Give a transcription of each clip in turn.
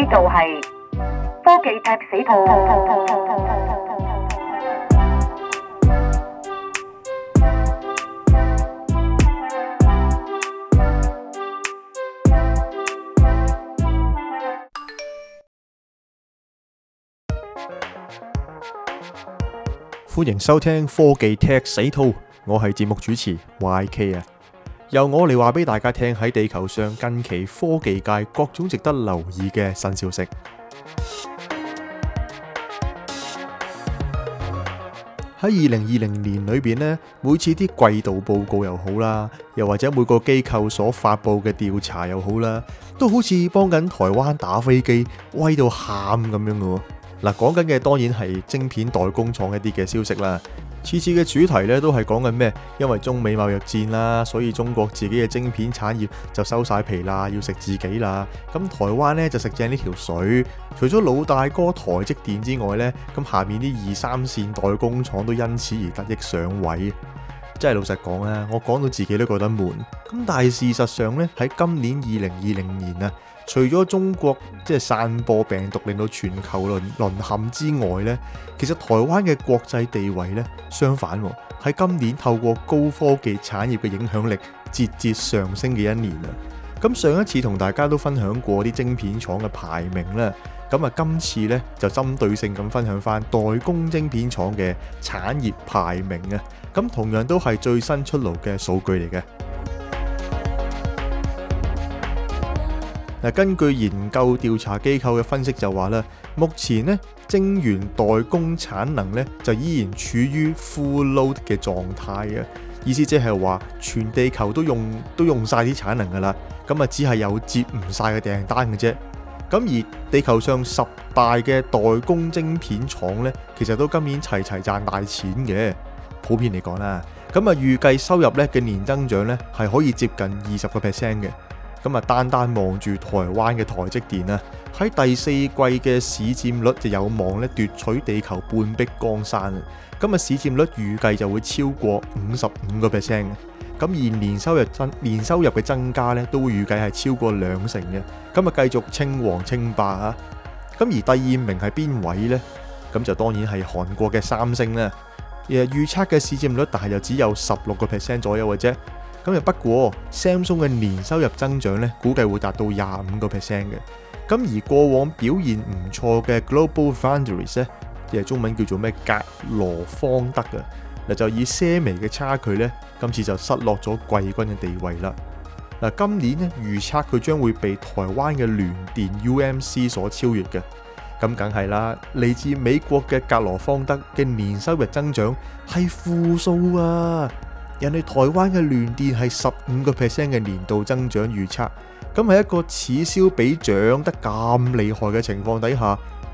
呢度係科技 Tech 死兔，歡迎收聽科技 Tech 死兔，我係節目主持 YK 啊。由我嚟話俾大家聽，喺地球上近期科技界各種值得留意嘅新消息。喺二零二零年裏邊呢，每次啲季度報告又好啦，又或者每個機構所發佈嘅調查又好啦，都好似幫緊台灣打飛機，威到喊咁樣噶喎。嗱，講緊嘅當然係晶片代工廠一啲嘅消息啦。次次嘅主題呢都係講緊咩？因為中美貿易戰啦，所以中國自己嘅晶片產業就收晒皮啦，要食自己啦。咁台灣呢，就食正呢條水，除咗老大哥台積電之外呢，咁下面啲二三線代工廠都因此而得益上位。真係老實講，我講到自己都覺得悶。咁但係事實上咧，喺今年二零二零年啊，除咗中國即係散播病毒令到全球淪淪陷之外咧，其實台灣嘅國際地位咧相反，喺今年透過高科技產業嘅影響力節節上升嘅一年啊。咁上一次同大家都分享過啲晶片廠嘅排名啦。咁啊，今次咧就針對性咁分享翻代工晶片廠嘅產業排名啊，咁同樣都係最新出爐嘅數據嚟嘅。根據研究調查機構嘅分析就話啦，目前呢晶圓代工產能咧就依然處於 full load 嘅狀態啊，意思即係話全地球都用都用晒啲產能噶啦，咁啊只係有接唔晒嘅訂單嘅啫。咁而地球上十大嘅代工晶片廠呢，其實都今年齊齊賺大錢嘅，普遍嚟講啦。咁啊，預計收入呢嘅年增長呢，係可以接近二十個 percent 嘅。咁啊，單單望住台灣嘅台積電啊，喺第四季嘅市占率就有望咧奪取地球半壁江山。咁咪市占率預計就會超過五十五個 percent。咁而年收入增年收入嘅增加咧，都預計係超過兩成嘅。咁啊，繼續稱王稱霸啊！咁而第二名係邊位呢？咁就當然係韓國嘅三星啦。而預測嘅市佔率，但係又只有十六個 percent 左右嘅啫。咁又不過 Samsung 嘅年收入增長咧，估計會達到廿五個 percent 嘅。咁而過往表現唔錯嘅 Global Foundries 咧，就係、是、中文叫做咩格羅方德啊。就以些微嘅差距呢，今次就失落咗季軍嘅地位啦。嗱，今年呢，預測佢將會被台灣嘅聯電 UMC 所超越嘅，咁梗係啦。嚟自美國嘅格羅方德嘅年收入增長係負數啊，人哋台灣嘅聯電係十五個 percent 嘅年度增長預測，咁喺一個此消彼長得咁厲害嘅情況底下。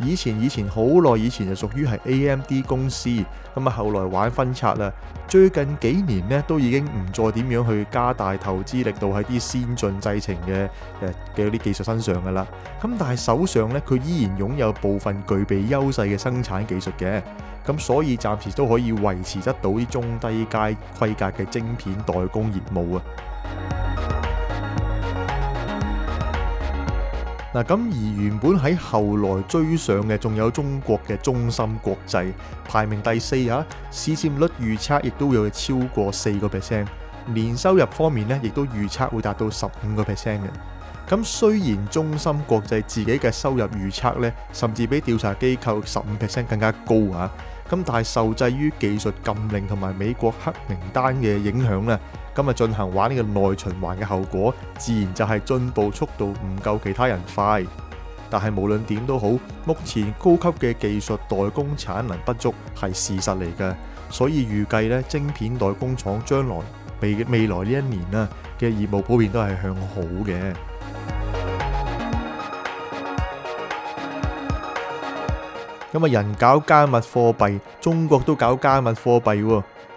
以前以前好耐以前就屬於係 AMD 公司，咁啊後來玩分拆啦。最近幾年呢，都已經唔再點樣去加大投資力度喺啲先進製程嘅誒嘅啲技術身上噶啦。咁但係手上呢，佢依然擁有部分具備優勢嘅生產技術嘅，咁所以暫時都可以維持得到啲中低階規格嘅晶片代工業務啊。嗱咁而原本喺後來追上嘅，仲有中國嘅中芯國際，排名第四啊，市佔率預測亦都有超過四個 percent。年收入方面咧，亦都預測會達到十五個 percent 嘅。咁雖然中芯國際自己嘅收入預測咧，甚至比調查機構十五 percent 更加高啊。咁但係受制於技術禁令同埋美國黑名單嘅影響咧。今日進行玩呢個內循環嘅後果，自然就係進步速度唔夠其他人快。但係無論點都好，目前高級嘅技術代工產能不足係事實嚟嘅，所以預計咧，晶片代工廠將來未未來呢一年啊嘅業務普遍都係向好嘅。咁啊，人搞加密貨幣，中國都搞加密貨幣喎。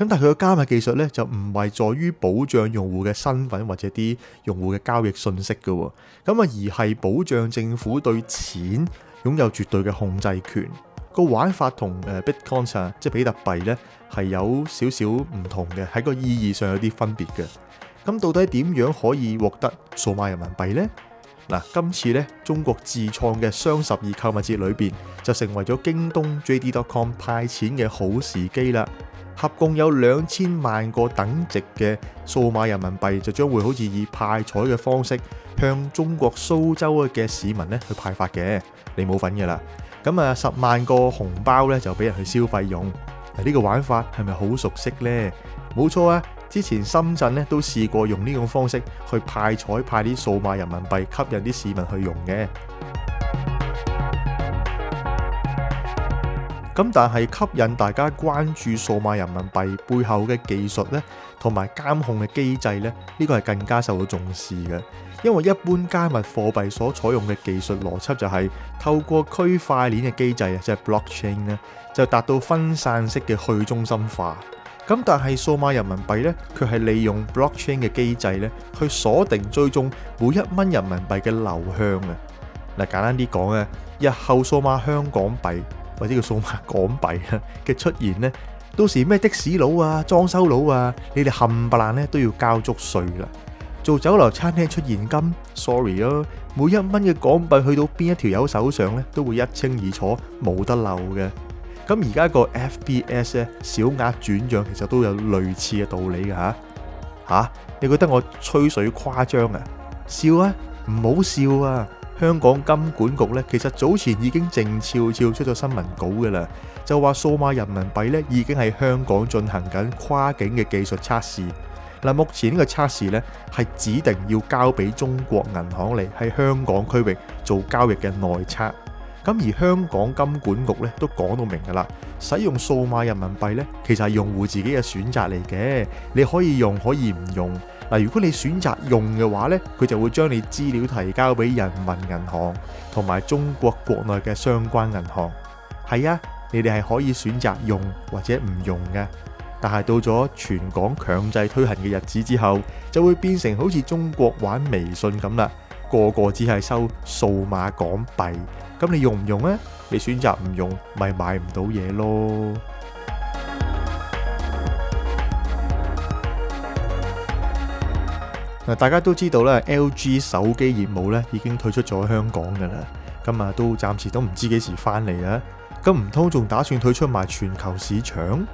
咁但係佢嘅加密技術咧，就唔係在於保障用戶嘅身份或者啲用戶嘅交易信息嘅喎，咁啊而係保障政府對錢擁有絕對嘅控制權。個玩法同誒 Bitcoin 即係比特幣咧係、就是、有少少唔同嘅，喺個意義上有啲分別嘅。咁到底點樣可以獲得數碼人民幣呢？嗱，今次咧中國自創嘅雙十二購物節裏邊就成為咗京東 JD.com 派錢嘅好時機啦。合共有兩千萬個等值嘅數碼人民幣，就將會好似以派彩嘅方式向中國蘇州嘅市民咧去派發嘅。你冇份嘅啦。咁啊，十萬個紅包咧就俾人去消費用。嗱，呢個玩法係咪好熟悉呢？冇錯啊，之前深圳咧都試過用呢種方式去派彩派啲數碼人民幣，吸引啲市民去用嘅。咁但係吸引大家關注數碼人民幣背後嘅技術咧，同埋監控嘅機制咧，呢個係更加受到重視嘅。因為一般加密貨幣所採用嘅技術邏輯就係透過區塊鏈嘅機制啊，即係 blockchain 咧，就達到分散式嘅去中心化。咁但係數碼人民幣咧，卻係利用 blockchain 嘅機制咧，去鎖定追蹤每一蚊人民幣嘅流向啊。嗱，簡單啲講啊，日後數碼香港幣。或者叫數碼港幣啊嘅出現咧，到時咩的士佬啊、裝修佬啊，你哋冚唪唥咧都要交足稅啦。做酒樓餐廳出現金，sorry 咯，每一蚊嘅港幣去到邊一條友手上咧，都會一清二楚，冇得漏嘅。咁而家個 FPS 咧，小額轉賬其實都有類似嘅道理嘅吓吓，你覺得我吹水誇張啊？笑啊，唔好笑啊！香港金管局咧，其實早前已經靜悄悄出咗新聞稿嘅啦，就話數碼人民幣咧已經喺香港進行緊跨境嘅技術測試。嗱，目前呢個測試咧係指定要交俾中國銀行嚟喺香港區域做交易嘅內測。咁而香港金管局咧都講到明㗎啦，使用數碼人民幣咧其實係用戶自己嘅選擇嚟嘅，你可以用可以唔用。嗱，如果你選擇用嘅話呢，佢就會將你資料提交俾人民銀行同埋中國國內嘅相關銀行。係啊，你哋係可以選擇用或者唔用嘅。但係到咗全港強制推行嘅日子之後，就會變成好似中國玩微信咁啦，個個只係收數碼港幣。咁你用唔用呢？你選擇唔用，咪買唔到嘢咯。大家都知道啦 LG 手機業務咧已經退出咗香港嘅啦，咁啊都暫時都唔知幾時翻嚟啊！咁唔通仲打算退出埋全球市場？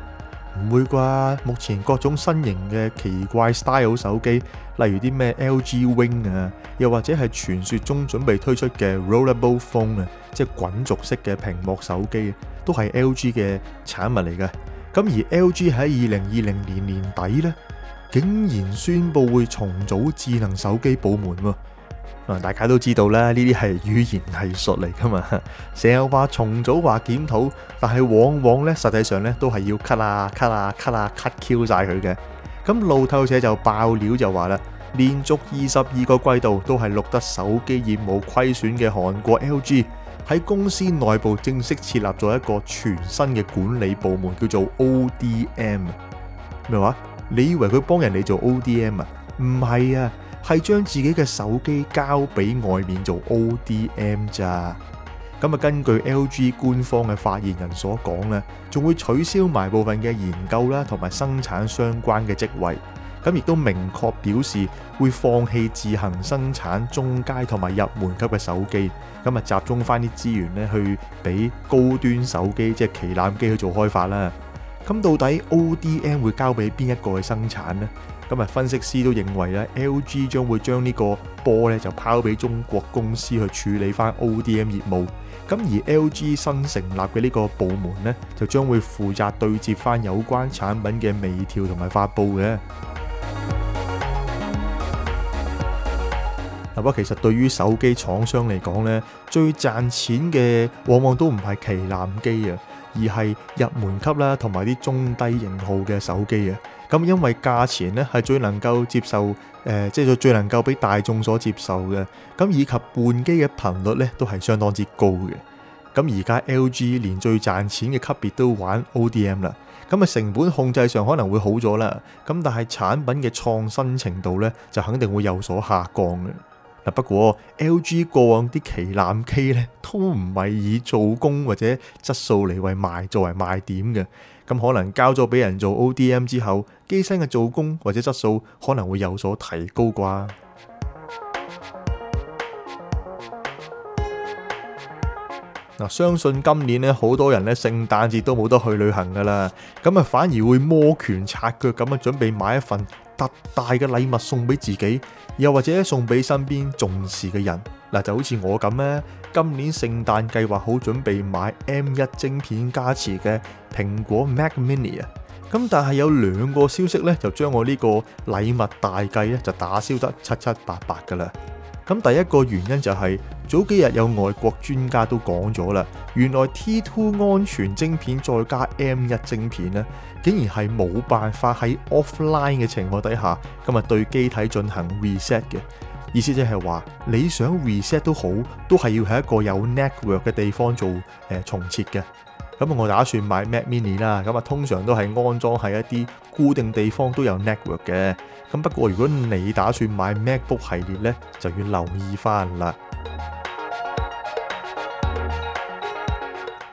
唔會啩？目前各種新型嘅奇怪 style 手機，例如啲咩 LG Wing 啊，又或者係傳説中準備推出嘅 Rollable Phone 啊，即係滾軸式嘅屏幕手機，都係 LG 嘅產物嚟嘅。咁而 LG 喺二零二零年年底呢，竟然宣佈會重組智能手機部門嗱，大家都知道啦，呢啲係語言藝術嚟噶嘛，成日話重組話檢討，但係往往呢，實際上呢，都係要 cut 啊 cut 啊 cut 啊 cut Q 晒佢嘅。咁路透社就爆料就話啦，連續二十二個季度都係錄得手機業務虧損嘅韓國 LG 喺公司內部正式設立咗一個全新嘅管理部門，叫做 ODM。咩話？你以為佢幫人哋做 ODM 啊？唔係啊，係將自己嘅手機交俾外面做 ODM 咋。咁啊，根據 LG 官方嘅發言人所講咧，仲會取消埋部分嘅研究啦，同埋生產相關嘅職位。咁亦都明確表示會放棄自行生產中階同埋入門級嘅手機，咁啊集中翻啲資源咧去俾高端手機，即係旗艦機去做開發啦。咁到底 ODM 會交俾邊一個去生產咧？今日分析師都認為咧，LG 將會將呢個波咧就拋俾中國公司去處理翻 ODM 業務。咁而 LG 新成立嘅呢個部門咧，就將會負責對接翻有關產品嘅微調同埋發布嘅。嗱，不過其實對於手機廠商嚟講咧，最賺錢嘅往往都唔係旗艦機啊。而係入門級啦，同埋啲中低型號嘅手機嘅，咁因為價錢呢係最能夠接受，誒、呃，即係最能夠俾大眾所接受嘅，咁以及換機嘅頻率呢都係相當之高嘅，咁而家 LG 連最賺錢嘅級別都玩 ODM 啦，咁啊成本控制上可能會好咗啦，咁但係產品嘅創新程度呢，就肯定會有所下降嘅。不過 LG 過往啲旗艦機都唔係以做工或者質素嚟為賣作為賣點嘅，咁可能交咗俾人做 ODM 之後，機身嘅做工或者質素可能會有所提高啩。嗱，相信今年咧，好多人咧，聖誕節都冇得去旅行噶啦，咁啊反而會摩拳擦腳咁樣準備買一份特大嘅禮物送俾自己，又或者送俾身邊重視嘅人。嗱，就好似我咁咧，今年聖誕計劃好準備買 M 一晶片加持嘅蘋果 Mac Mini 啊，咁但係有兩個消息咧，就將我呢個禮物大計咧就打消得七七八八噶啦。咁第一個原因就係、是、早幾日有外國專家都講咗啦，原來 T2 安全晶片再加 M1 晶片呢，竟然係冇辦法喺 offline 嘅情況底下，今日對機體進行 reset 嘅。意思即係話你想 reset 都好，都係要喺一個有 network 嘅地方做、呃、重設嘅。咁我打算買 Mac Mini 啦。咁啊，通常都係安裝喺一啲固定地方都有 network 嘅。咁不過如果你打算買 MacBook 系列呢，就要留意翻啦。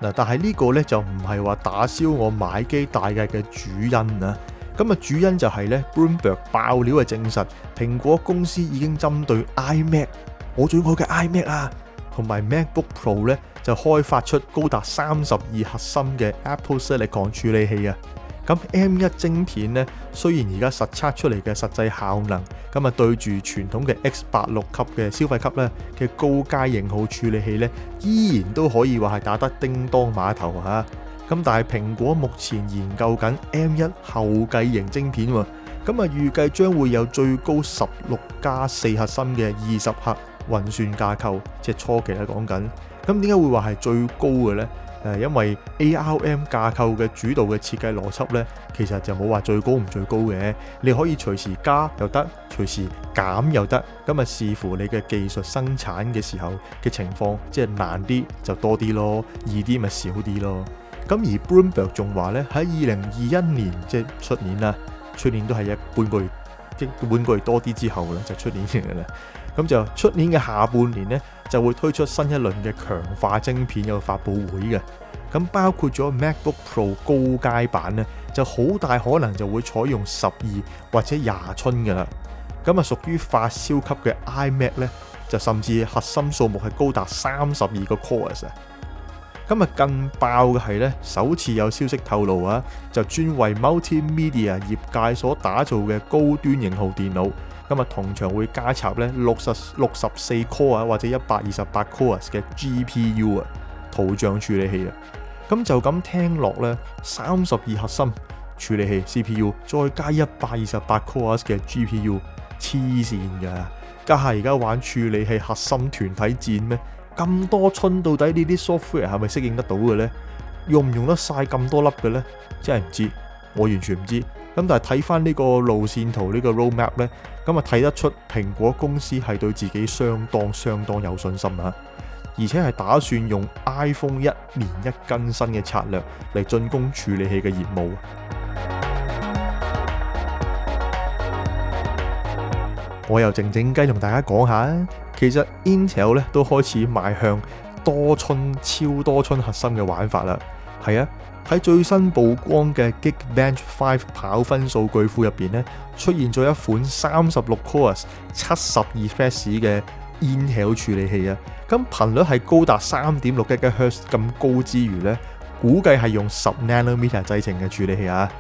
嗱，但係呢個呢，就唔係話打消我買機大計嘅主因啊。咁啊，主因就係呢 Bloomberg 爆料嘅證實，蘋果公司已經針對 iMac 我最愛嘅 iMac 啊！同埋 MacBook Pro 咧就開發出高達三十二核心嘅 Apple Silicon 處理器啊！咁 M 一晶片咧，雖然而家實測出嚟嘅實際效能，咁啊對住傳統嘅 X 八六級嘅消費級咧嘅高階型號處理器咧，依然都可以話係打得叮當馬頭嚇、啊！咁但係蘋果目前研究緊 M 一後繼型晶片喎、啊，咁啊預計將會有最高十六加四核心嘅二十核，運算架構，即係初期咧講緊，咁點解會話係最高嘅呢？誒，因為 ARM 架構嘅主導嘅設計邏輯呢，其實就冇話最高唔最高嘅，你可以隨時加又得，隨時減又得，咁啊視乎你嘅技術生產嘅時候嘅情況，即係難啲就多啲咯，易啲咪少啲咯。咁而 Bloomberg 仲話呢，喺二零二一年即係出年啦，出年都係一半個月，即半個月多啲之後呢就出年嚟嘅啦。咁就出年嘅下半年呢，就會推出新一輪嘅強化晶片有個發布會嘅。咁包括咗 MacBook Pro 高階版呢，就好大可能就會採用十二或者廿寸嘅啦。咁啊，屬於發燒級嘅 iMac 咧，就甚至核心數目係高達三十二個 Core 啊。今日更爆嘅係呢，首次有消息透露啊，就專為 multimedia 業界所打造嘅高端型號電腦。今日同場會加插咧六十六十四 core 或者一百二十八 core 嘅 GPU 啊圖像處理器啊，咁就咁聽落咧，三十二核心處理器 CPU 再加一百二十八 core 嘅 GPU，黐線噶，家下而家玩處理器核心團體戰咩？咁多春到底呢啲 software 係咪適應得到嘅呢？用唔用得晒咁多粒嘅呢？真係唔知，我完全唔知。咁但係睇翻呢個路線圖呢個 roadmap 呢，咁啊睇得出蘋果公司係對自己相當相當有信心啊，而且係打算用 iPhone 一年一更新嘅策略嚟進攻處理器嘅業務。我又靜靜雞同大家講下，其實 Intel 咧都開始邁向多春超多春核心嘅玩法啦，係啊。喺最新曝光嘅 Geekbench Five 跑分數據庫入邊咧，出現咗一款三十六 cores、七十二 fashes 嘅 Intel 處理器啊！咁頻率係高達三點六 gigahertz 咁高之餘呢，估計係用十 nanometer 製程嘅處理器啊！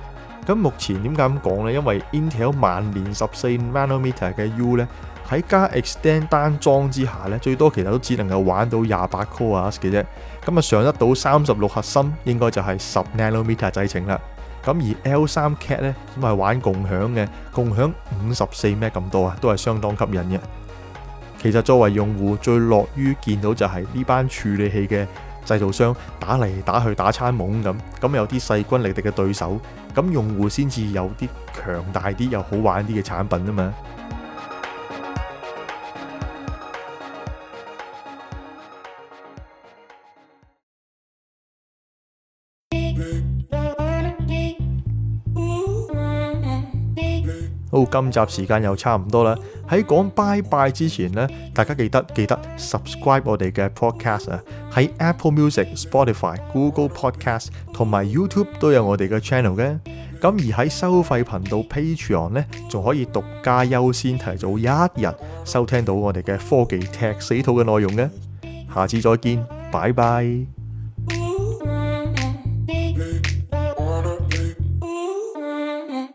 咁目前點解咁講呢？因為 Intel 萬年十四 nanometer 嘅 U 呢。喺加 extend 單裝之下咧，最多其實都只能夠玩到廿八 cores 嘅啫。咁啊，上得到三十六核心，應該就係十 nanometer 製程啦。咁而 L 三 cat 咧咁啊，玩共享嘅，共享五十四 M 咁多啊，都係相當吸引嘅。其實作為用戶，最樂於見到就係呢班處理器嘅製造商打嚟打去打餐懵咁，咁有啲勢均力敵嘅對手，咁用戶先至有啲強大啲又好玩啲嘅產品啊嘛～好，今集時間又差唔多啦。喺講 bye bye 之前咧，大家記得記得 subscribe 我哋嘅 podcast 啊，喺 Apple Music、Spotify、Google Podcast 同埋 YouTube 都有我哋嘅 channel 嘅。咁而喺收費頻道 Patreon 咧，仲可以獨家優先提早一日收聽到我哋嘅科技 Tech 死兔嘅內容嘅。下次再見，拜拜。